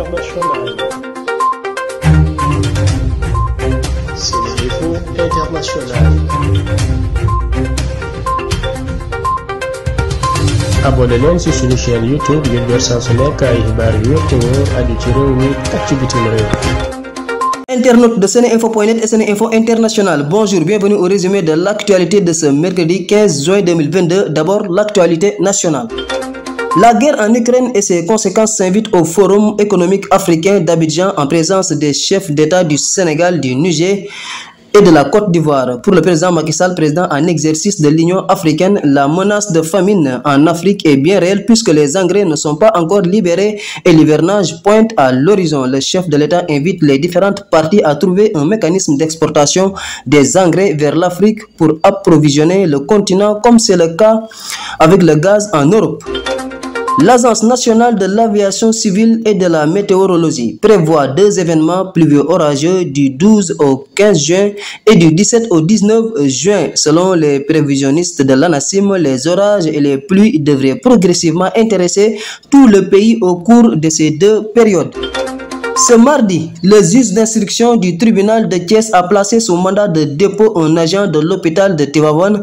internationale. Sénéinfo International. abonné leen ci suñu chaîne YouTube ngir jot saa su nekk ay xibaar yu wér te wóor aju ci réew mi ak ci bitim réew. Internautes de Seneinfo.net et Seneinfo International, bonjour, bienvenue au résumé de l'actualité de ce mercredi 15 juin 2022. D'abord, l'actualité nationale. La guerre en Ukraine et ses conséquences s'invitent au Forum économique africain d'Abidjan en présence des chefs d'État du Sénégal, du Niger et de la Côte d'Ivoire. Pour le président Macky président en exercice de l'Union africaine, la menace de famine en Afrique est bien réelle puisque les engrais ne sont pas encore libérés et l'hivernage pointe à l'horizon. Le chef de l'État invite les différentes parties à trouver un mécanisme d'exportation des engrais vers l'Afrique pour approvisionner le continent comme c'est le cas avec le gaz en Europe. L'Agence nationale de l'aviation civile et de la météorologie prévoit deux événements pluvieux orageux du 12 au 15 juin et du 17 au 19 juin. Selon les prévisionnistes de l'ANASIM, les orages et les pluies devraient progressivement intéresser tout le pays au cours de ces deux périodes. Ce mardi, le juge d'instruction du tribunal de Thiès a placé sous mandat de dépôt un agent de l'hôpital de Tivaouane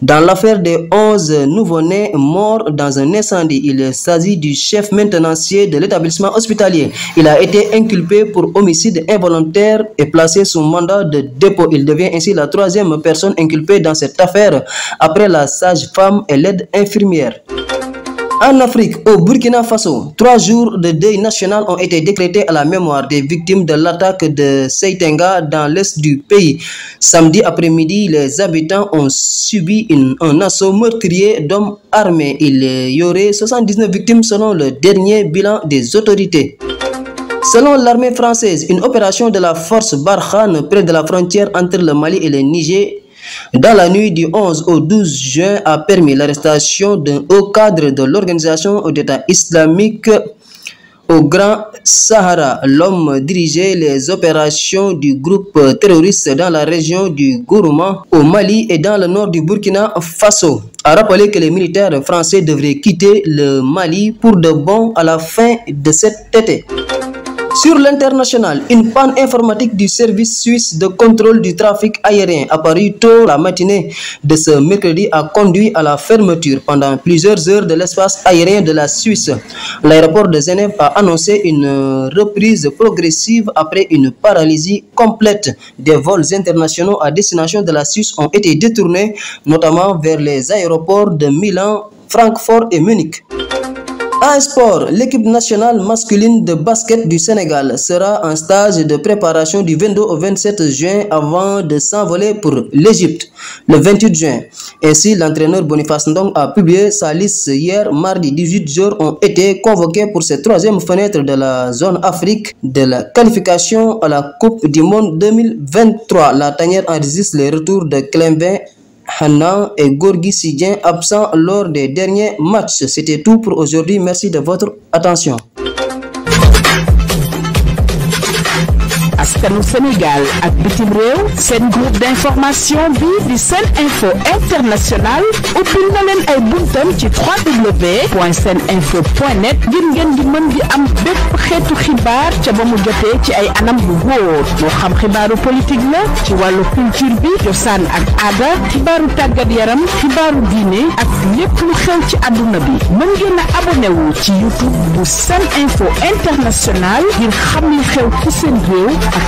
Dans l'affaire de 11 nouveau-nés morts dans un incendie, il s'agit du chef maintenancier de l'établissement hospitalier. Il a été inculpé pour homicide involontaire et placé sous mandat de dépôt. Il devient ainsi la troisième personne inculpée dans cette affaire après la sage-femme et l'aide infirmière. En Afrique, au Burkina Faso, trois jours de deuil national ont été décrétés la mémoire des de l'attaque de Seitenga dans l'est du pays. Samedi après-midi, les habitants ont subi une, un assaut meurtrier d'hommes armés. Il y aurait 79 victimes selon le dernier bilan des autorités. Selon l'armée française, opération de la force Barkhane près la frontière entre le Mali et le dans la nuit du 11 au juin a permis l'arrestation d'un haut cadre de l'organisation d'État islamique au Grand Sahara. L'homme dirigeait les opérations du groupe terroriste dans la région du Gourma, au Mali et dans le nord du Burkina Faso. A rappelé que les militaires français devraient quitter le Mali pour de bon à la fin de cet été. Sur l'international, une panne informatique du service suisse de contrôle du trafic aérien apparue tôt la matinée de ce mercredi a conduit à la fermeture pendant plusieurs heures de l'espace aérien de la Suisse. L'aéroport de Genève a annoncé une reprise progressive après une paralysie complète. Des vols internationaux à destination de la Suisse ont été détournés, notamment vers les aéroports de Milan, Francfort et Munich. En sport, l'équipe nationale masculine de basket du Sénégal sera en stage de préparation du 22 au 27 juin avant de s'envoler pour l'Égypte le 28 juin. Ainsi, l'entraîneur Boniface a publié sa liste hier mardi. 18 joueurs ont été convoqués pour cette troisième fenêtre de la zone Afrique de la qualification à la Coupe du Monde 2023. La tanière enregistre les retours de Clembin Hanan et Gorgui Sidien absents lors des derniers matchs. C'était tout pour aujourd'hui. Merci de votre attention. askanu Sénégal ak bitim seen groupe d'information ay buntam ci www point seen info point net ngir mën di am bépp xeetu xibaar ca ba mu jotee ci ay anam bu wóor moo xam xibaaru politique la ci wàllu culture bi cosaan ak aada xibaaru tàggat yaram xibaaru diine ak lépp lu xew ci àdduna bi mën ngeen a abonné ci YouTube bu seen info international ngir xam li xew ci seen réew ak